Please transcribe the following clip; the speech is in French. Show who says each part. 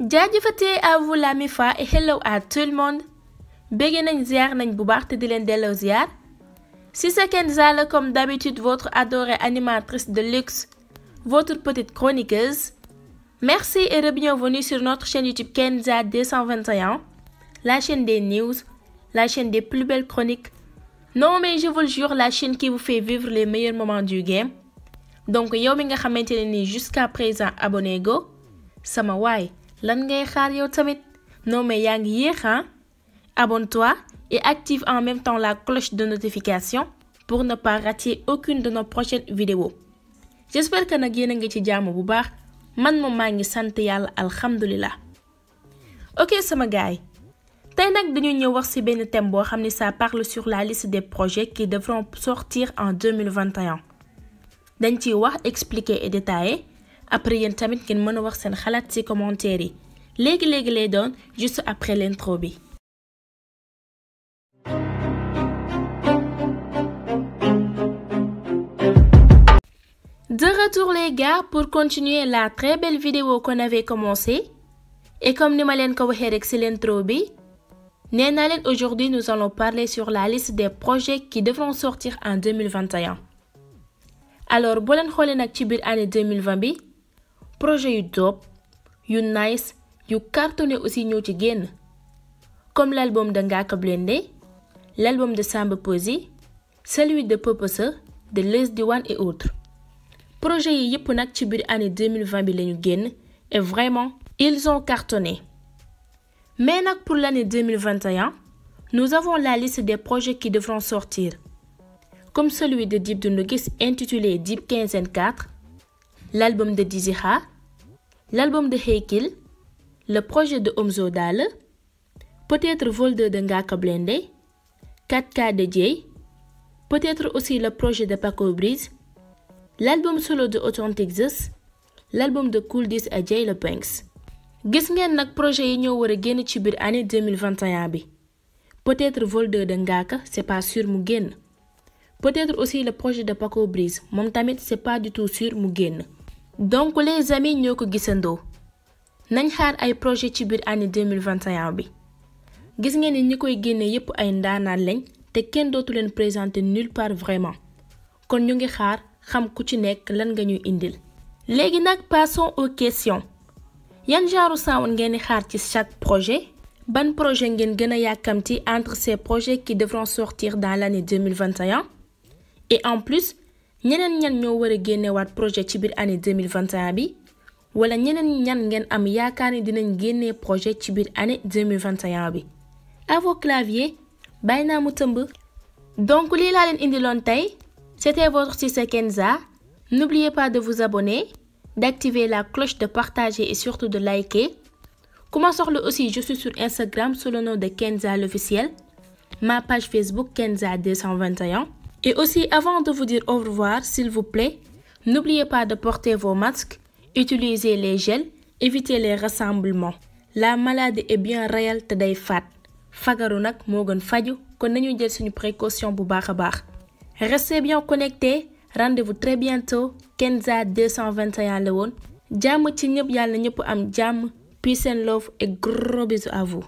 Speaker 1: Bienvenue à vous la MIFA et hello à tout le monde béggee nañ ziar nañ bu baax te di Kenza comme d'habitude votre adorée animatrice de luxe votre petite chroniqueuse merci et bienvenue sur notre chaîne YouTube Kenza 221 la chaîne des news la chaîne des plus belles chroniques non mais je vous le jure la chaîne qui vous fait vivre les meilleurs moments du game donc yo, mi nga maintenu jusqu'à présent abonné go sama lan ngay xaar yow tamit non yaa ngi yéex hein? abonne-toi et active en même temps la cloche de notification pour ne pas rater aucune de nos prochaines vidéos j'espère que nag yéen bien. ngi ci jàmm bu baax man moom maa ngi sant yàlla ok sama gars yi tey nag dañu ñëw wax ci benn thème boo ça parle sur la liste des projets qui devront sortir en 2021 dañ ciy wax expliquer et détailler après yéen tamit ngeen mën a wax seen xalaat ci commentaire yi légui les lay juste après l'intro bi. De retour les gars pour continuer la très belle vidéo qu'on avait commencée. Et comme nous m'allons couvrir excellent trobi, aujourd'hui nous allons parler sur la liste des projets qui devront sortir en 2021. Alors, si vous regardez l'année 2020, projet yu top yu nice yu cartonné aussi comme l'album de Ngaka l'album de Samba Pozi, celui de Popesa de Les Diwan et autres projet yi yépp année 2020 bi lañu et vraiment ils ont cartonné mais pour l'année 2021 nous avons la liste des projets qui devront sortir comme celui de Deep Doundou intitulé intitulé 15 n 4 l'album de Dizzy l'album de Heikil, le projet de Omzo Dale, peut-être Voldeur de Ngaka Blende, 4K de Jay, peut-être aussi le projet de Paco Breeze, l'album solo de Authentic Zeus, l'album de Cool Dis à Jay Le Banks. gis ngeen nak projet yi ñoo war a génn ci biir année 2021 bi peut-être Voldeur de Ngaka c'est pas sûr mu génn peut-être aussi le projet de Paco Breeze moom tamit c'est pas du tout sûr mu génn donc les amis ñoo ko gisandoo nañ xaar ay projet ci biir année 2021 bi gis ngeen ni ñi koy génne yépp ay ndaanaan lañ te kenn dootu leen présenter nulle part vraiment kon ñu ngi xaar xam ku ci nekk lan nga ñuy indil léegi nag passons aux questions yan genre sawon ngeen xaar ci chaque projet ban projet ngeen gën a yàkkamti entre ces projets qui devront sortir dans l'année 2021 et en plus ñeneen ñan ñoo war a génnewaat projet ci biir année 2021 bi wala ñeneen ñan ngeen am yaakaar ni dinañ génnee projet ci biir année 2021 bi vos claviers bàyyi mu donc lii laa leen indiloon tey c'était votre Sista Kenza n'oubliez pas de vous abonner d'activer la cloche de partager et surtout de liker Comment le aussi, je suis sur Instagram sous le nom de Kenza l'officiel, ma page Facebook Kenza221. Et aussi, avant de vous dire au revoir, s'il vous plaît, n'oubliez pas de porter vos masques, utilisez les gels, évitez les rassemblements. La maladie est bien réelle today fat Fagarunak fagaru gën faju précaution pour Restez bien connectés rendez-vous très bientôt Kenza 221 Leon. woon jàmm ci ñëpp am peace and love et gros bisous à vous.